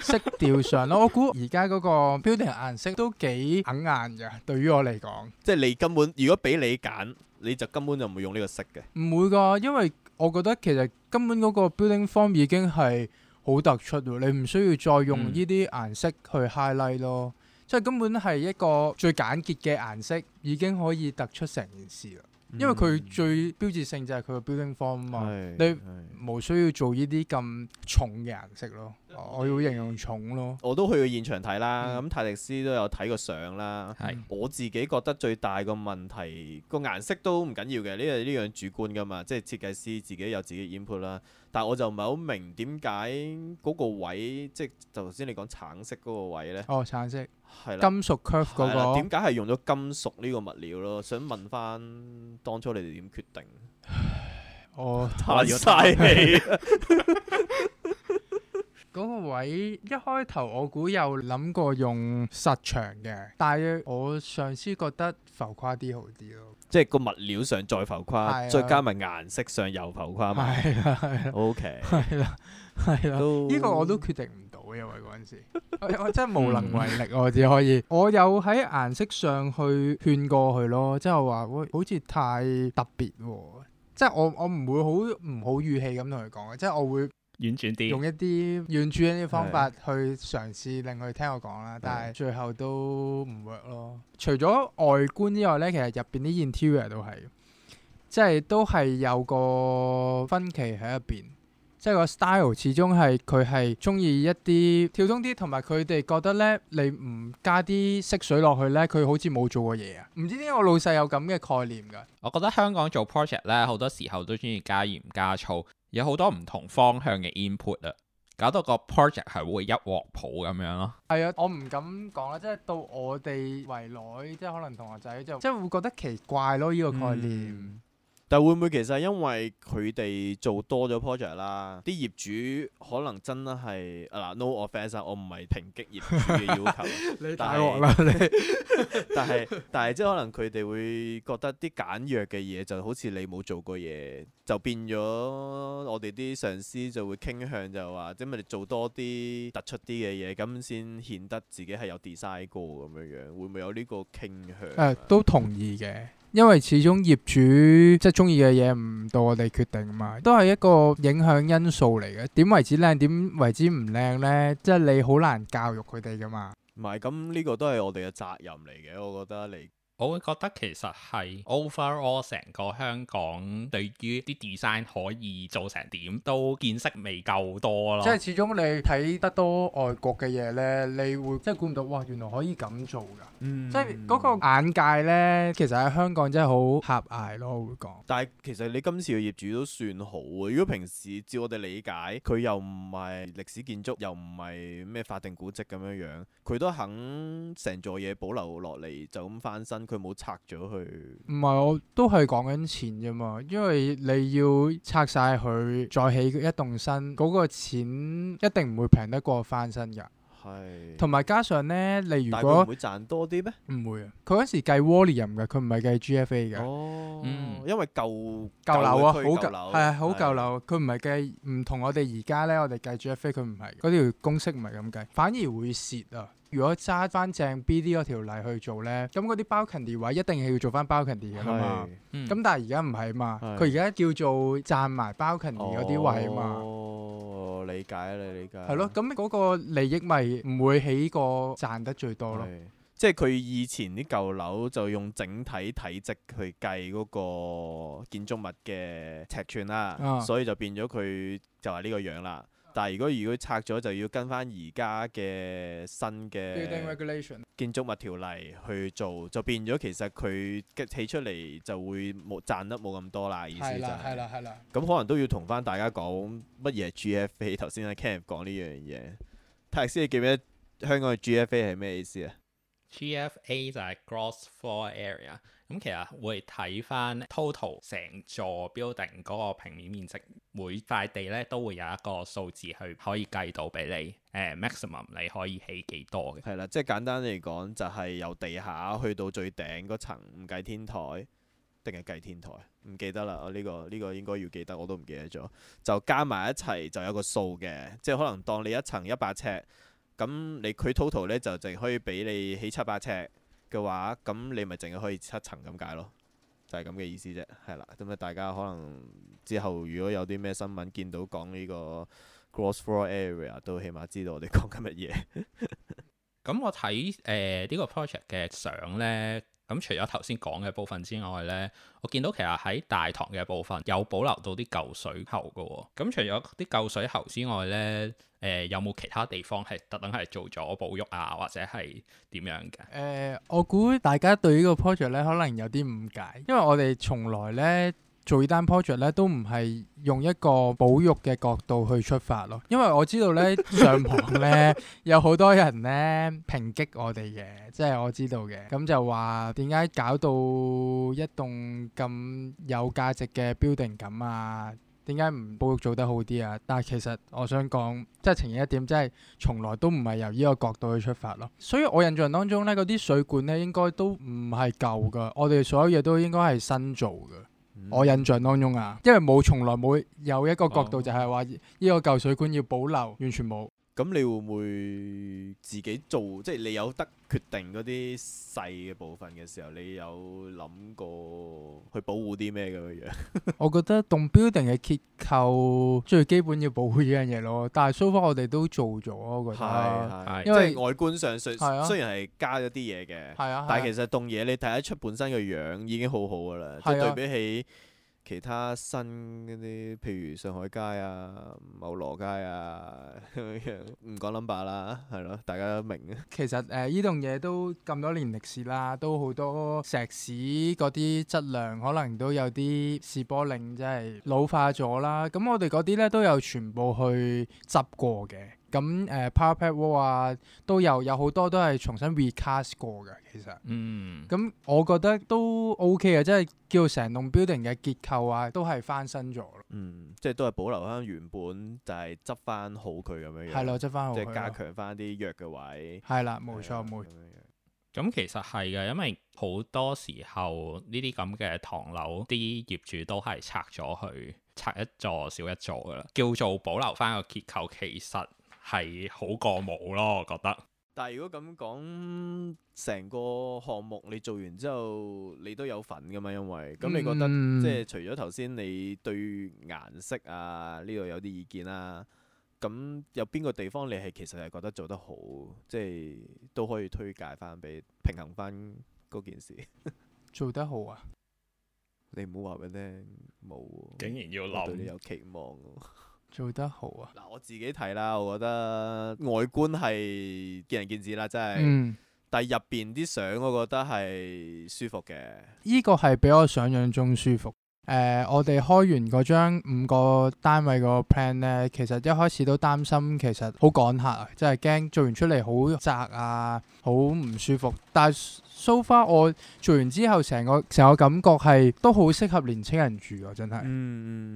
色調上咯。 我估而家嗰個 building 顏色都幾硬硬㗎，對於我嚟講。即係你根本，如果俾你揀，你就根本就唔會用呢個色嘅。唔會㗎，因為我覺得其實根本嗰個 building form 已經係好突出，你唔需要再用呢啲顏色去 highlight 咯，嗯、即係根本係一個最簡潔嘅顏色已經可以突出成件事啦。因為佢最標誌性就係佢個 building form 啊嘛，是是是，你冇需要做呢啲咁重嘅顏色咯。我要形容重咯，我都去現場睇啦，咁泰迪斯都有睇過相啦。係是我自己覺得最大個問題，個顏色都唔緊要嘅，呢樣呢樣主觀噶嘛，即係設計師自己有自己嘅 input 啦。但係我就唔係好明點解嗰個位，即係頭先你講橙色嗰個位呢？哦，橙色係啦，金屬 curve 嗰個，點解係用咗金屬呢個物料咯？想問翻當初你哋點決定？我太晒氣。 嗰個位一開頭我估有諗過用實牆嘅，但係我上司覺得浮誇啲好啲咯，即係個物料上再浮誇，啊、再加埋顏色上又浮誇啊！係 Okay 啊，係啊，OK，係啦，係啦、啊，呢 So 個我都決定唔到，因為嗰陣時 我，我真係無能為力，我只可以 我有喺顏色上去勸過佢咯，即係話喂，好似太特別喎，即係我我唔會好唔好語氣咁同佢講嘅，即係我會。婉轉啲，用一啲婉轉嘅方法去嘗試令佢聽我講啦，的但係最後都唔 work 咯。除咗外觀之外呢，其實入邊啲 interior 都係，即係都係有個分歧喺入邊，即係個 style 始終係佢係中意一啲跳通啲，同埋佢哋覺得呢，你唔加啲色水落去呢，佢好似冇做過嘢啊！唔知點解我老細有咁嘅概念噶？我覺得香港做 project 呢，好多時候都中意加鹽加醋。有好多唔同方向嘅 input 啊，搞到個 project 係會一鑊泡咁樣咯。係啊，我唔敢講啦，即係到我哋未來，即係可能同學仔，即係即係會覺得奇怪咯，呢、呢個概念。嗯但會唔會其實係因為佢哋做多咗 project 啦，啲業主可能真係嗱，啊，no offence，我唔係評擊業主嘅要求， 你大鑊啦你。但係但係即係可能佢哋會覺得啲簡約嘅嘢就好似你冇做過嘢，就變咗我哋啲上司就會傾向就話，即係咪你做多啲突出啲嘅嘢，咁先顯得自己係有 design 過咁樣樣，會唔會有呢個傾向？啊，都同意嘅。因為始終業主即係中意嘅嘢唔到我哋決定啊嘛，都係一個影響因素嚟嘅。點為之靚，點為之唔靚咧，即係你好難教育佢哋噶嘛。唔係，咁呢個都係我哋嘅責任嚟嘅，我覺得你。我會覺得其實係 overall 成個香港對於啲 design 可以做成點，都見識未夠多咯。即係始終你睇得多外國嘅嘢咧，你會真係估唔到哇，原來可以咁做噶。嗯，即係嗰個眼界咧，其實喺香港真係好狹隘咯，我會講。但係其實你今次嘅業主都算好。如果平時照我哋理解，佢又唔係歷史建築，又唔係咩法定古跡咁樣樣，佢都肯成座嘢保留落嚟就咁翻新。佢冇拆咗佢，唔係我都係講緊錢啫嘛，因為你要拆晒佢再起一棟新，嗰個錢一定唔會平得過翻新噶。係，同埋加上咧，你如果唔會賺多啲咩？唔會啊，佢嗰時計 volume 嘅，佢唔係計 GFA 嘅。哦，嗯，因為舊舊樓啊，好舊樓係啊，好舊樓，佢唔係計唔同我哋而家咧，我哋計 GFA，佢唔係嗰條公式唔係咁計，反而會蝕啊。如果揸翻正 BD 嗰條例去做呢，咁嗰啲 balcony 位一定係要做翻 balcony 嘅嘛。咁是但係而家唔係嘛？佢而家叫做賺埋 balcony 嗰啲位嘛。哦，理解啊，你理解。係咯，咁嗰個利益咪唔會起過賺得最多咯。即係佢以前啲舊樓就用整體體積去計嗰個建築物嘅尺寸啦，啊、所以就變咗佢就係呢個樣啦。但係如果如果拆咗就要跟翻而家嘅新嘅建築物條例去做，就變咗其實佢起出嚟就會冇賺得冇咁多啦，係啦，意思就係。係啦，係啦。咁可能都要同翻大家講乜嘢 GFA，頭先阿 Ken 講呢樣嘢，泰師你記唔記得香港嘅 GFA 係咩意思啊？GFA 就係 Gross floor area。咁其實會睇翻 total 成座 building 嗰個平面面積，每塊地咧都會有一個數字去可以計到俾你。誒、呃、maximum 你可以起幾多嘅？係啦，即係簡單嚟講，就係、是、由地下去到最頂嗰層，唔計天台定係計天台，唔記得啦。我、這、呢個呢、呢個應該要記得，我都唔記得咗。就加埋一齊就有個數嘅，即係可能當你一層一百尺，咁你佢 total 咧就淨可以俾你起七百尺嘅話，咁你咪淨係可以七層咁解咯，就係咁嘅意思啫，係啦。咁啊，大家可能之後如果有啲咩新聞見到講呢個 gross floor area，都起碼知道我哋講緊乜嘢。咁 我睇誒、呃這個、呢個 project 嘅相咧。咁除咗頭先講嘅部分之外呢，我見到其實喺大堂嘅部分有保留到啲舊水喉嘅、哦。咁除咗啲舊水喉之外呢，誒、呃、有冇其他地方係特登係做咗保育啊，或者係點樣嘅？誒、呃，我估大家對呢個 project 呢可能有啲誤解，因為我哋從來呢。做單 project 咧都唔係用一個保育嘅角度去出發咯，因為我知道咧上網咧 有好多人咧抨擊我哋嘅，即係我知道嘅咁就話點解搞到一棟咁有價值嘅 building 咁啊？點解唔保育做得好啲啊？但係其實我想講即係呈現一點，即係從來都唔係由呢個角度去出發咯。所以我印象當中咧，嗰啲水管咧應該都唔係舊㗎，我哋所有嘢都應該係新做㗎。我印象當中啊，因為冇，從來冇有一個角度就係話呢個舊水管要保留，完全冇。咁你會唔會自己做？即係你有得決定嗰啲細嘅部分嘅時候，你有諗過去保護啲咩咁嘅樣？ 我覺得棟 building 嘅結構最基本要保護呢樣嘢咯。但係 so far 我哋都做咗，我覺得係係，即係外觀上雖、啊、雖然係加咗啲嘢嘅，啊、但係其實棟嘢、啊、你睇得出本身嘅樣已經好好噶啦，即係、啊、對比起。其他新嗰啲，譬如上海街啊、茂羅街啊，唔講 number 啦，係 咯，大家都明。其實誒，依棟嘢都咁多年歷史啦，都好多石屎嗰啲質量可能都有啲試波令，即係老化咗啦。咁我哋嗰啲咧都有全部去執過嘅。咁誒 Parapet Wall 啊，都有有好多都係重新 recast 過嘅，其實。嗯。咁我覺得都 OK 嘅，即係叫成棟 building 嘅結構啊，都係翻新咗。嗯，即係都係保留翻原本，就係執翻好佢咁樣樣。係咯，執翻好。即係加強翻啲弱嘅位。係啦，冇錯冇。咁的沒其實係嘅，因為好多時候呢啲咁嘅唐樓，啲業主都係拆咗去拆一座少一座噶啦，叫做保留翻個結構，其實。係好過冇咯，我覺得。但係如果咁講，成個項目你做完之後，你都有份噶嘛？因為咁，你覺得、嗯、即係除咗頭先你對顏色啊呢度有啲意見啦、啊，咁有邊個地方你係其實係覺得做得好，即係都可以推介翻俾平衡翻嗰件事。 做得好啊！你唔好話俾你冇，竟然要留，我對你有期望。做得好啊！嗱，我自己睇啦，我覺得外觀係見仁見智啦，真係，嗯、但係入邊啲相，我覺得係舒服嘅。依個係比我想象中舒服。誒、呃，我哋開完嗰張五個單位個 plan 咧，其實一開始都擔心，其實好趕客啊，真係驚做完出嚟好窄啊，好唔舒服。但係 so far 我做完之後，成個成個感覺係都好適合年青人住啊，真係。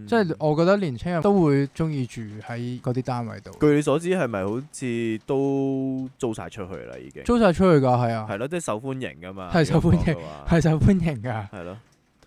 即係、嗯、我覺得年青人都會中意住喺嗰啲單位度。據你所知係咪好似都租晒出去啦？已經租晒出去㗎，係啊。係咯，即係受歡迎㗎嘛。係受歡迎，係受歡迎㗎。係咯。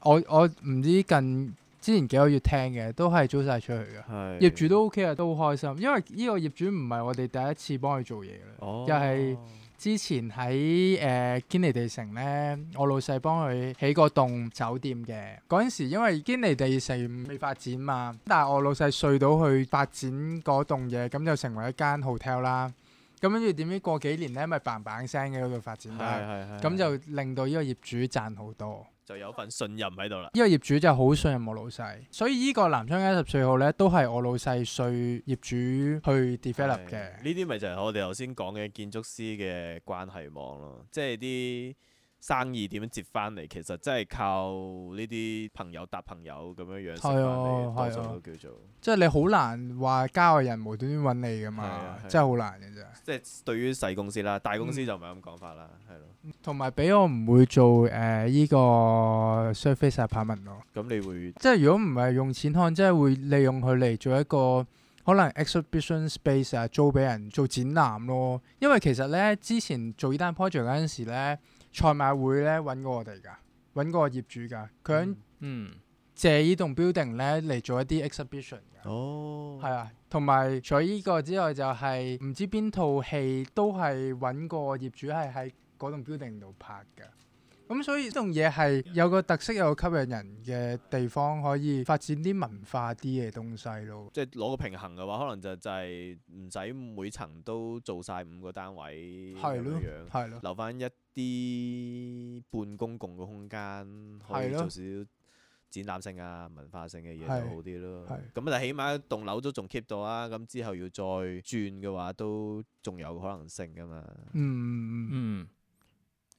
我我唔知近之前幾個月聽嘅，都係租晒出去嘅。是業主都 OK 啊，都好開心。因為呢個業主唔係我哋第一次幫佢做嘢啦。又係、哦、之前喺誒、呃、堅尼地城咧，我老細幫佢起過棟酒店嘅。嗰陣時因為堅尼地城未發展嘛，但係我老細睡到去發展嗰棟嘢，咁就成為一間 hotel 啦。咁跟住點知過幾年咧，咪棒棒聲嘅嗰度發展啦，咁就令到呢個業主賺好多。就有份信任喺度啦，呢個業主就好信任我老細，所以呢個南昌街十四號呢，都係我老細隨業主去 develop 嘅。呢啲咪就係我哋頭先講嘅建築師嘅關係網咯，即係啲。生意點樣接翻嚟？其實真係靠呢啲朋友搭朋友咁樣樣接翻嚟，多數都叫做。即係你好難話交個人無端端揾你㗎嘛，真係好難嘅啫。即係對於細公司啦，大公司就唔係咁講法啦，係咯、嗯。同埋俾我唔會做誒依、呃這個 service apartment 咯。咁你會即係如果唔係用錢看，即係會利用佢嚟做一個可能 exhibition space 啊，租俾人做展覽咯。因為其實咧之前做呢單 project 嗰陣時咧。賽馬會咧揾過我哋噶，揾過業主噶，佢嗯，借依棟 building 咧嚟做一啲 exhibition。哦，係啊，同埋除咗依個之外就係唔知邊套戲都係揾過業主係喺嗰棟 building 度拍噶。咁所以呢樣嘢係有個特色，有吸引人嘅地方，可以發展啲文化啲嘅東西咯。即係攞個平衡嘅話，可能就就係唔使每層都做晒五個單位咁樣，留翻一啲半公共嘅空間，的可以做少少展覽性啊、文化性嘅嘢就好啲咯。咁啊，但起碼棟樓都仲 keep 到啊。咁之後要再轉嘅話，都仲有可能性噶嘛。嗯嗯。嗯。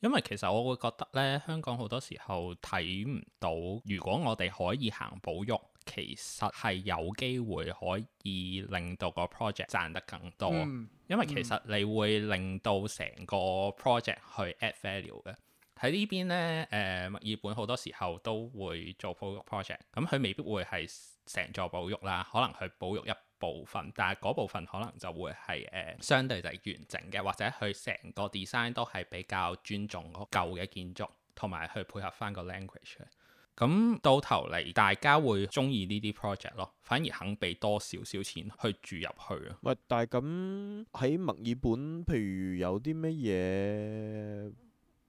因為其實我會覺得咧，香港好多時候睇唔到。如果我哋可以行保育，其實係有機會可以令到個 project 賺得更多。嗯、因為其實你會令到成個 project 去 add value 嘅喺呢邊呢，誒、呃，墨爾本好多時候都會做保育 project，咁佢未必會係成座保育啦，可能佢保育一部分，但係嗰部分可能就會係誒、呃、相對就係完整嘅，或者佢成個 design 都係比較尊重個舊嘅建築，同埋去配合翻個 language 嘅。咁、嗯、到頭嚟，大家會鍾意呢啲 project 咯，反而肯俾多少少錢去住入去啊。喂，但係咁喺墨爾本，譬如有啲乜嘢？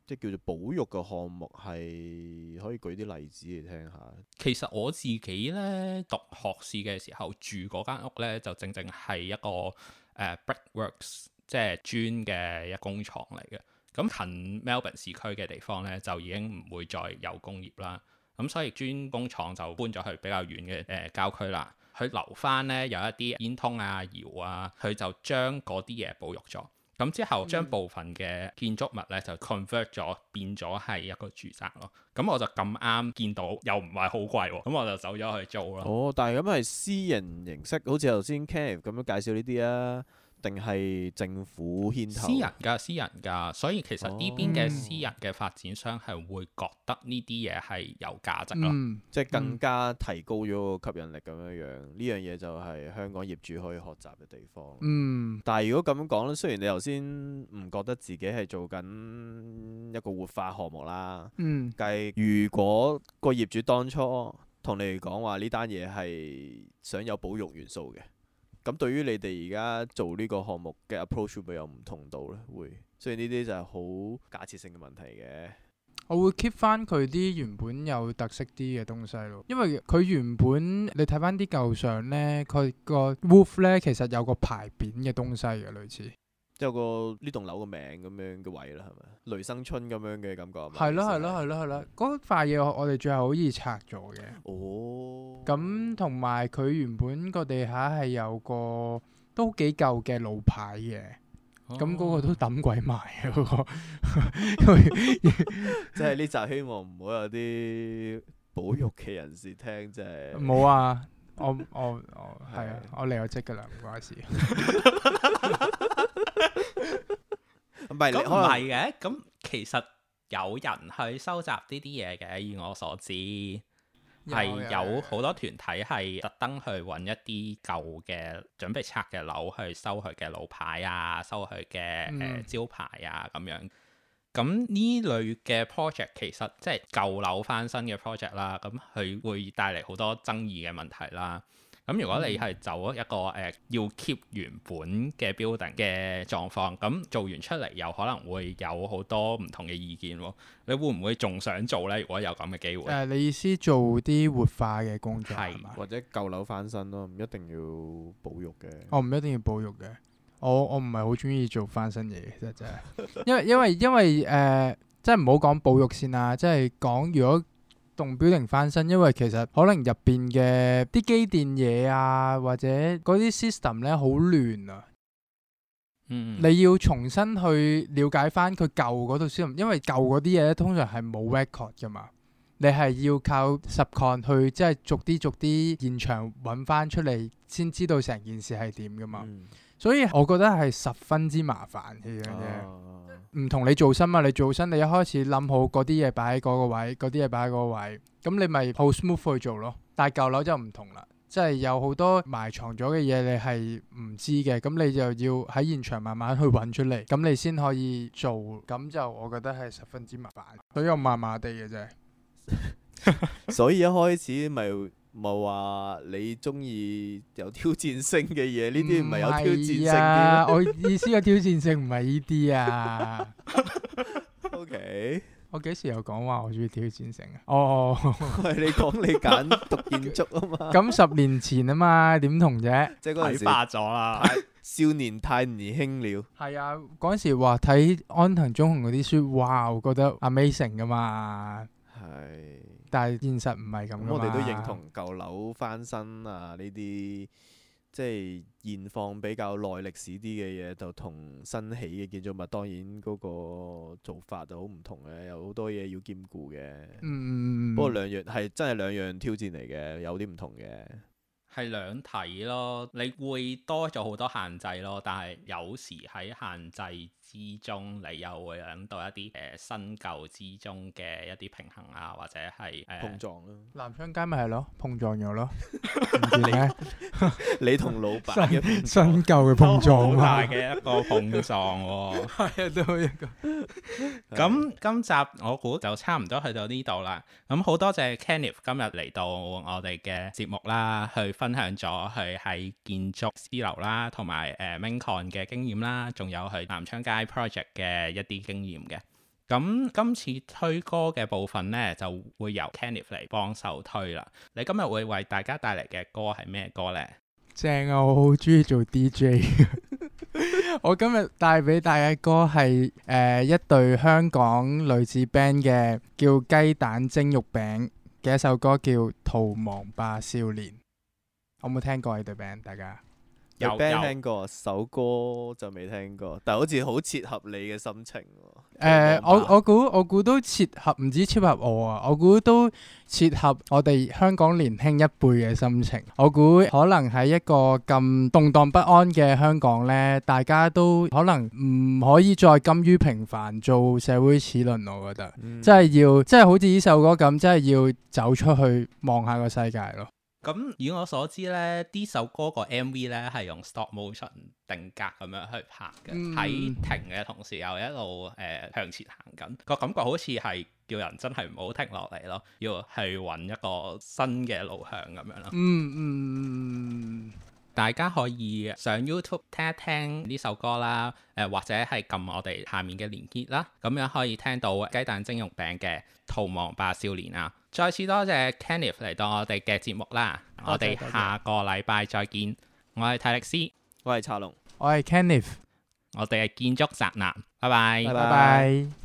即叫做保育嘅項目係可以舉啲例子嚟聽下。其實我自己咧，讀學士嘅時候住嗰間屋咧就正正係一個誒、呃、Brickworks，即係磚嘅一工廠嚟嘅。咁近 Melbourne 市區嘅地方咧就已經唔會再有工業啦。咁所以磚工廠就搬咗去比較遠嘅誒、呃、郊區啦。佢留翻咧有一啲煙通啊、窯啊，佢就將嗰啲嘢保育咗。咁之後將部分嘅建築物咧就 convert 咗，變咗係一個住宅咯。咁我就咁啱見到，又唔係好貴，咁我就走咗去做啦。哦，但係咁係私人形式，好似頭先 Ken 咁樣介紹呢啲啊。定係政府牽頭？私人㗎，私人㗎，所以其實呢邊嘅私人嘅發展商係會覺得呢啲嘢係有價值咯，嗯、即係更加提高咗個吸引力咁樣樣。嗯、呢樣嘢就係香港業主可以學習嘅地方。嗯、但係如果咁講，雖然你頭先唔覺得自己係做緊一個活化項目啦，嗯、但係如果個業主當初同你講話呢單嘢係想有保育元素嘅。咁對於你哋而家做呢個項目嘅 approach 會有唔同度咧？會。所以呢啲就係好假設性嘅問題嘅。我會 keep 翻佢啲原本有特色啲嘅東西咯，因為佢原本你睇翻啲舊相咧，佢個 roof 咧其實有個牌匾嘅東西嘅，類似。即係個呢棟樓個名咁樣嘅位啦，係咪？雷生春咁樣嘅感覺係咯，係咯，係咯，係 咯。嗰塊嘢我哋最後好似拆咗嘅。哦，咁同埋佢原本個地下係有個都幾舊嘅路牌嘅，咁嗰、哦、個都抌鬼埋個。即係呢集希望唔好有啲保育嘅人士聽，即係冇啊！我我我係啊！我離咗職㗎喇，唔關事。 唔係，咁唔係嘅，咁其實有人去收集呢啲嘢嘅，以我所知係有好多團體係特登去揾一啲舊嘅準備拆嘅樓去收佢嘅老牌啊，收佢嘅、嗯呃、招牌啊，咁樣。咁呢類嘅 project 其實即係舊樓翻新嘅 project 啦，咁佢會帶嚟好多爭議嘅問題啦。咁、嗯、如果你係走一個誒、呃、要 keep 原本嘅 building 嘅狀況，咁做完出嚟有可能會有好多唔同嘅意見喎。你會唔會仲想做呢？如果有咁嘅機會？誒、呃，你意思做啲活化嘅工作，是吧或者舊樓翻新咯，唔一定要保育嘅。我唔、哦、一定要保育嘅，我我唔係好中意做翻新嘢，其實真係， 因為因為因為誒，即係唔好講保育先啦，即係講如果。動表定翻新，因為其實可能入邊嘅啲機電嘢啊，或者嗰啲 system 咧，好亂啊。嗯、你要重新去了解翻佢舊嗰套 system，因為舊嗰啲嘢咧通常係冇 record 噶嘛。你係要靠實況去即係、就是、逐啲逐啲現場揾翻出嚟，先知道成件事係點噶嘛。嗯所以我覺得係十分之麻煩嘅啫，唔同你做新啊！你做新，你一開始諗好嗰啲嘢擺喺嗰個位，嗰啲嘢擺喺嗰個位，咁你咪好 smooth 去做咯。但係舊樓就唔同啦，即係有好多埋藏咗嘅嘢，你係唔知嘅，咁你就要喺現場慢慢去揾出嚟，咁你先可以做。咁就我覺得係十分之麻煩，都有麻麻地嘅啫。所以一開始咪。唔係話你中意有挑戰性嘅嘢，呢啲唔係有挑戰性。啊、 我意思個挑戰性唔係呢啲啊。 o Okay . K，我幾時有講話我中意挑戰性啊？哦、oh. 你講你揀讀建築啊嘛？咁 十年前啊嘛，點同啫？即係嗰陣時睇化咗啦， 少年太年輕了。係啊，嗰陣時話睇安藤忠雄嗰啲書，哇，我覺得 Amazing 噶嘛。係。但係現實唔係咁，我哋都認同舊樓翻新啊，呢啲即係現況比較耐歷史啲嘅嘢，就同新起嘅建築物，當然嗰個做法就好唔同嘅，有好多嘢要兼顧嘅。嗯。不過兩樣係真係兩樣挑戰嚟嘅，有啲唔同嘅。係兩體咯，你會多咗好多限制咯，但係有時喺限制。之中，你又會諗到一啲誒新舊之中嘅一啲平衡啊，或者係碰撞咯。南昌街咪係咯，碰撞咗咯。你你同老闆新舊嘅碰撞啊嘅一個碰撞喎，係都一個。咁今集我估就差唔多去到呢度啦。咁好多謝 Kenneth 今日嚟到我哋嘅節目啦，去分享咗佢喺建築師樓啦，同埋誒 Main Con 嘅經驗啦，仲有佢南昌街 project 嘅一啲經驗嘅，咁今次推歌嘅部分呢，就會由 Kenneth 嚟幫手推啦。你今日會為大家帶嚟嘅歌係咩歌呢？正啊，我好中意做 DJ。 我今日帶俾大家歌係誒、呃，一對香港女子 band 嘅，叫雞蛋蒸肉餅嘅一首歌，叫《逃亡吧少年》。有冇聽過呢對 band？大家？有聽過首歌就未聽過，但係好似好切合你嘅心情喎。誒，我我估我估都切合，唔止切合我啊，我估都切合我哋香港年輕一輩嘅心情。我估可能喺一個咁動盪不安嘅香港咧，大家都可能唔可以再甘於平凡，做社會齒輪。我覺得即係要，真係好似呢首歌咁，即係要走出去望下個世界咯。咁以我所知呢，呢首歌個 MV 呢係用 stop motion 定格咁樣去拍嘅，喺、mm hmm. 停嘅同時又一路誒、呃、向前行緊，個感覺好似係叫人真係唔好停落嚟咯，要去揾一個新嘅路向咁樣咯。嗯嗯、mm。Hmm. 大家可以上 YouTube 聽一聽呢首歌啦，誒或者係撳我哋下面嘅連結啦，咁樣可以聽到雞蛋蒸肉餅嘅《逃亡吧少年呀》！再次多謝 Kenneth 嚟到我哋嘅節目啦，okay, 我哋下個禮拜再見。Okay, okay. 我係泰力斯，我係茶龍，我係 Kenneth，我哋係建築宅男，拜拜。Bye bye. Bye bye.